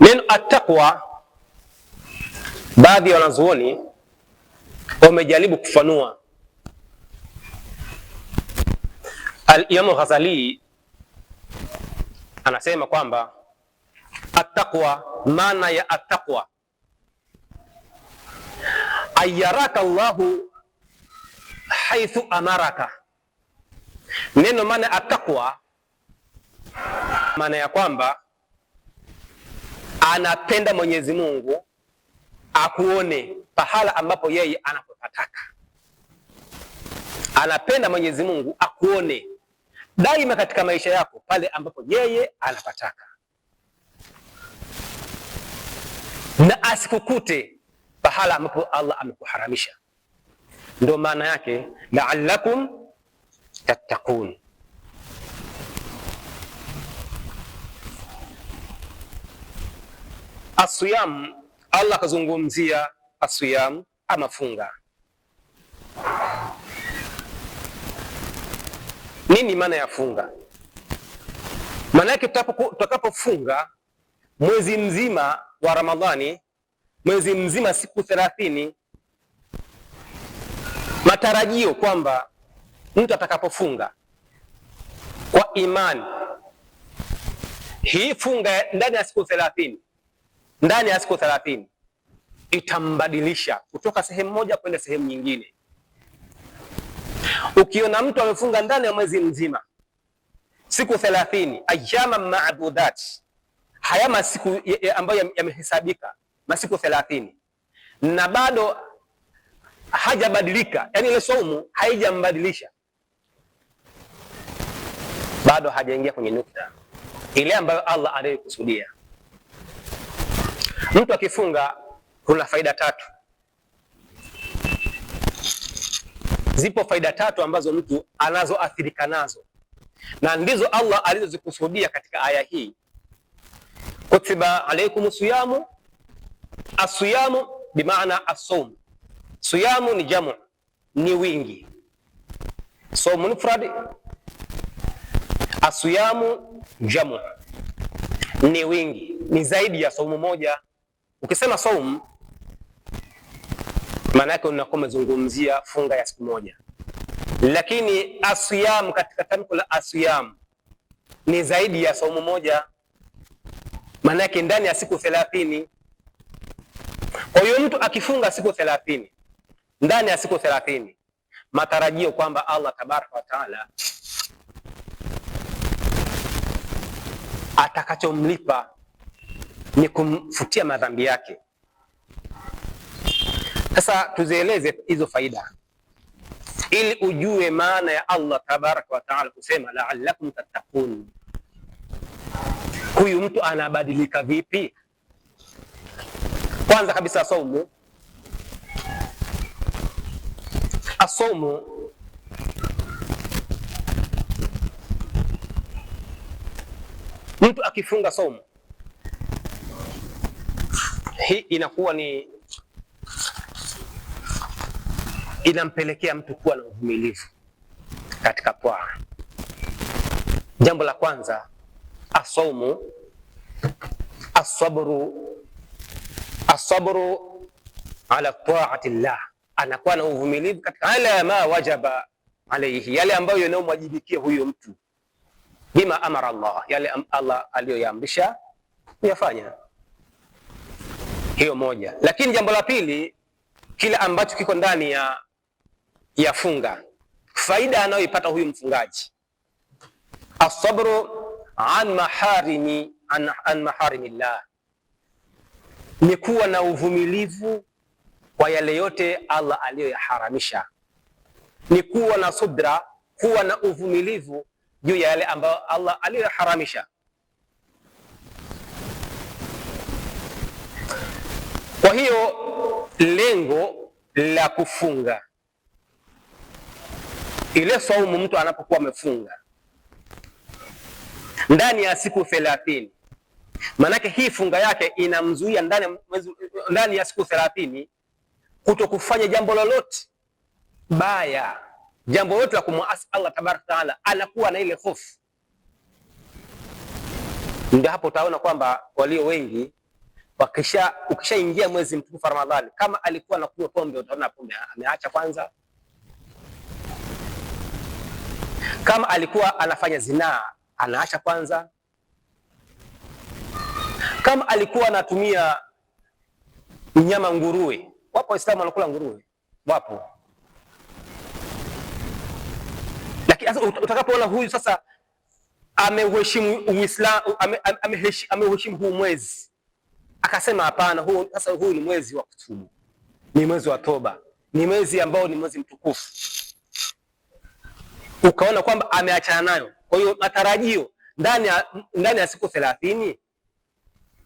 Neno ataqwa baadhi ya wanazuoni wamejaribu kufanua. Alimamu Ghazali anasema kwamba ataqwa maana ya ataqwa ayaraka Allahu haithu amaraka. Neno maana ataqwa maana ya kwamba anapenda Mwenyezi Mungu akuone pahala ambapo yeye anapopataka. Anapenda Mwenyezi Mungu akuone daima katika maisha yako pale ambapo yeye anapataka, na asikukute pahala ambapo Allah amekuharamisha. Ndio maana yake la'allakum tattaqun. asiyam, Allah akazungumzia asiyam amafunga Nini maana ya funga? Maana yake tutakapofunga mwezi mzima wa Ramadhani, mwezi mzima siku thelathini, matarajio kwamba mtu atakapofunga kwa imani hii funga ndani ya siku thelathini ndani ya siku thelathini itambadilisha kutoka sehemu moja kwenda sehemu nyingine. Ukiona mtu amefunga ndani ya mwezi mzima siku thelathini ayama maabudat, haya masiku ambayo yamehesabika masiku thelathini na bado hajabadilika, yani ile saumu haijambadilisha bado hajaingia kwenye nukta ile ambayo Allah aliyokusudia. Mtu akifunga kuna faida tatu. Zipo faida tatu ambazo mtu anazoathirika nazo na ndizo Allah alizozikusudia katika aya hii, kutiba alaikum siyamu. Asiyamu bimaana asawm, siyamu ni jamu, ni wingi, sawmu mufrad, asiyamu jamu, ni wingi, ni zaidi ya saumu moja. Ukisema saum maana yake unakuwa umezungumzia funga ya siku moja, lakini asiyam, katika tamko la asiyam ni zaidi ya saumu moja, maana yake ndani ya siku thelathini. Kwa hiyo mtu akifunga siku thelathini ndani ya siku thelathini, matarajio kwamba Allah tabaraka wa taala atakachomlipa ni kumfutia madhambi yake. Sasa tuzieleze hizo faida ili ujue maana ya Allah tabaraka wa taala kusema laalakum tattaqun. Huyu mtu anabadilika vipi? Kwanza kabisa saumu, asaumu mtu akifunga saumu hii inakuwa ni inampelekea mtu kuwa na uvumilivu katika twaa. Jambo la kwanza, asaumu asabru, asabru ala taati llah, anakuwa na uvumilivu katika ala ma wajaba alaihi, yale ambayo yanayomwajibikia huyo mtu, bima amara Allah, yale Allah aliyoyaamrisha kuyafanya hiyo moja. Lakini jambo la pili, kile ambacho kiko ndani ya ya funga, faida anayoipata huyu mfungaji, asabru an maharimi an, an maharimillah, ni kuwa na uvumilivu kwa yale yote Allah aliyoyaharamisha, ni kuwa na subra, kuwa na uvumilivu juu ya yale ambayo Allah aliyoyaharamisha. Kwa hiyo lengo la kufunga ile saumu, mtu anapokuwa amefunga ndani ya siku thelathini, maanake hii funga yake inamzuia ndani, ndani ya siku thelathini kuto kufanya jambo lolote baya, jambo lolote la kumwasi Allah tabaraka taala, anakuwa na ile hofu. Ndio hapo utaona kwamba walio wengi Wakisha ukishaingia mwezi mtukufu Ramadhani, kama alikuwa anakunywa pombe, utaona pombe ameacha kwanza. Kama alikuwa anafanya zinaa, anaacha kwanza. Kama alikuwa anatumia mnyama nguruwe, wapo Waislamu wanakula nguruwe, wapo lakini sasa utakapoona huyu sasa ameheshimu Uislamu, ameheshimu ame, ame, ame huu mwezi Akasema hapana, huu sasa, huu ni mwezi wa kutubu, ni mwezi wa toba, ni mwezi ambao ni mwezi mtukufu. Ukaona kwamba ameachana nayo. Kwa hiyo matarajio ndani ya ndani ya siku thelathini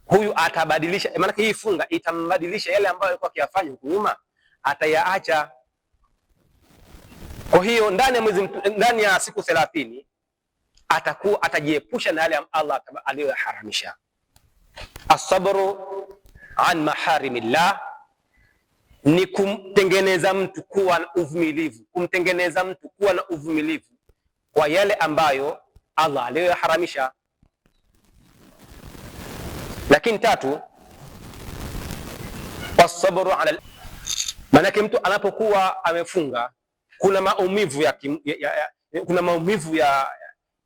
huyu atabadilisha, maana hii funga itambadilisha yale ambayo alikuwa akiyafanya huko nyuma, atayaacha. Kwa hiyo ndani ya mwezi, ndani ya siku thelathini atakuwa atajiepusha na yale Allah aliyoharamisha. Asabru an maharimillah ni kumtengeneza mtu kuwa na uvumilivu, kumtengeneza mtu kuwa na uvumilivu kwa yale ambayo Allah aliyoyaharamisha. Lakini tatu, wasabru ala, maanake mtu anapokuwa amefunga kuna maumivu ya, kim, ya, ya, ya, kuna maumivu ya,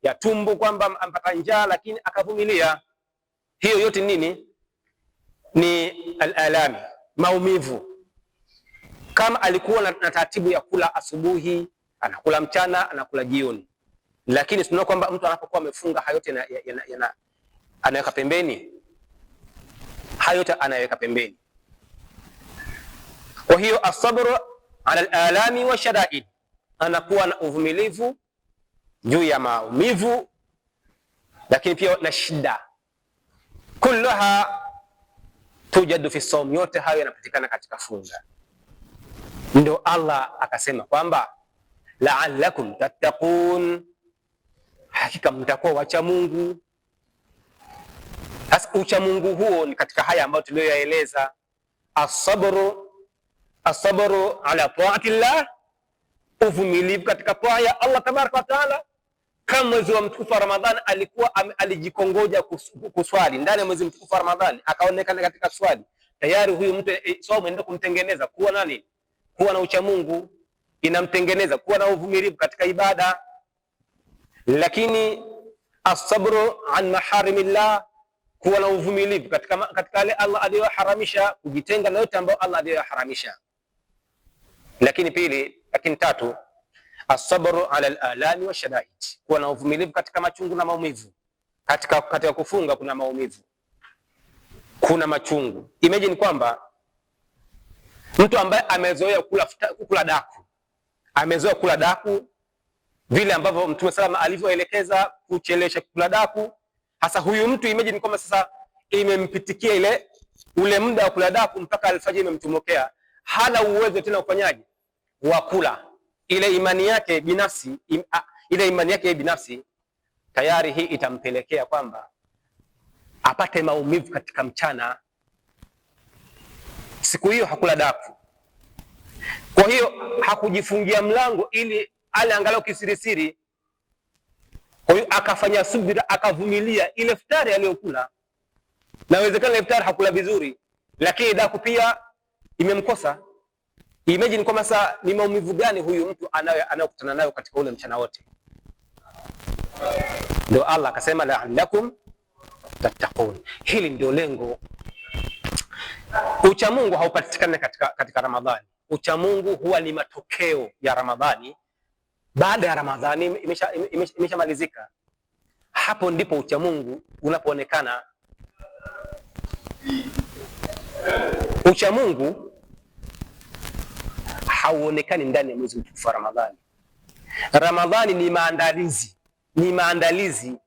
ya tumbo kwamba ampata njaa, lakini akavumilia hiyo yote nini? Ni alalami, maumivu. Kama alikuwa na taratibu ya kula asubuhi, anakula mchana, anakula jioni, lakini tunaona kwamba mtu anapokuwa amefunga hayo yote anaweka pembeni, hayo yote anaweka pembeni. Kwa hiyo asabru ala alalami wa shadaid, anakuwa na uvumilivu juu ya maumivu, lakini pia na shida kulluha tujadu fi saum, yote hayo yanapatikana katika funga. Ndio Allah akasema kwamba la'allakum tattaqun, hakika mtakuwa wacha Mungu. Sasa uchamungu huo ni katika haya ambayo tuliyoyaeleza, asabru asabru ala taatillah, uvumilivu katika toa ya Allah tabaraka wa taala kama mwezi wa mtukufu wa Ramadhani alikuwa am, alijikongoja kuswali ndani ya mwezi mtukufu wa Ramadhani, akaonekana katika swali tayari, huyu mtu e, saumu ndio kumtengeneza kuwa nani, kuwa na uchamungu, inamtengeneza kuwa na uvumilivu katika ibada. Lakini asabru an maharimillah, kuwa na uvumilivu katika katika yale Allah aliyoharamisha, kujitenga na yote ambayo Allah aliyoharamisha. Lakini pili, lakini tatu asabru ala alalami wa shadaid, kuwa na uvumilivu katika machungu na maumivu. Katika, katika kufunga kuna maumivu, kuna machungu. Imagine kwamba mtu ambaye amezoea kula, kula daku amezoea kula daku vile ambavyo Mtume salama alivyoelekeza kuchelesha kula daku. Hasa huyu mtu imagine kwamba sasa imempitikia ile ule muda wa kula daku mpaka alfajiri imemtumokea, hana uwezo tena ufanyaji wa kula ile imani yake binafsi im, a, ile imani yake binafsi tayari hii itampelekea kwamba apate maumivu katika mchana. Siku hiyo hakula dafu, kwa hiyo hakujifungia mlango ili ale angalau kisirisiri. Kwa hiyo akafanya subira, akavumilia ile iftari aliyokula, na ile iftari hakula vizuri, lakini daku pia imemkosa. Imagine kwamba sasa ni maumivu gani huyu mtu anayokutana nayo katika ule mchana wote. Ndio Allah akasema la'allakum tattaqun. Hili ndio lengo. Uchamungu haupatikani katika, katika Ramadhani. Uchamungu huwa ni matokeo ya Ramadhani baada ya Ramadhani imeshamalizika, imesha, hapo ndipo uchamungu unapoonekana. Uchamungu hauonekani ndani ya mwezi mtukufu wa Ramadhani. Ramadhani ni maandalizi, ni maandalizi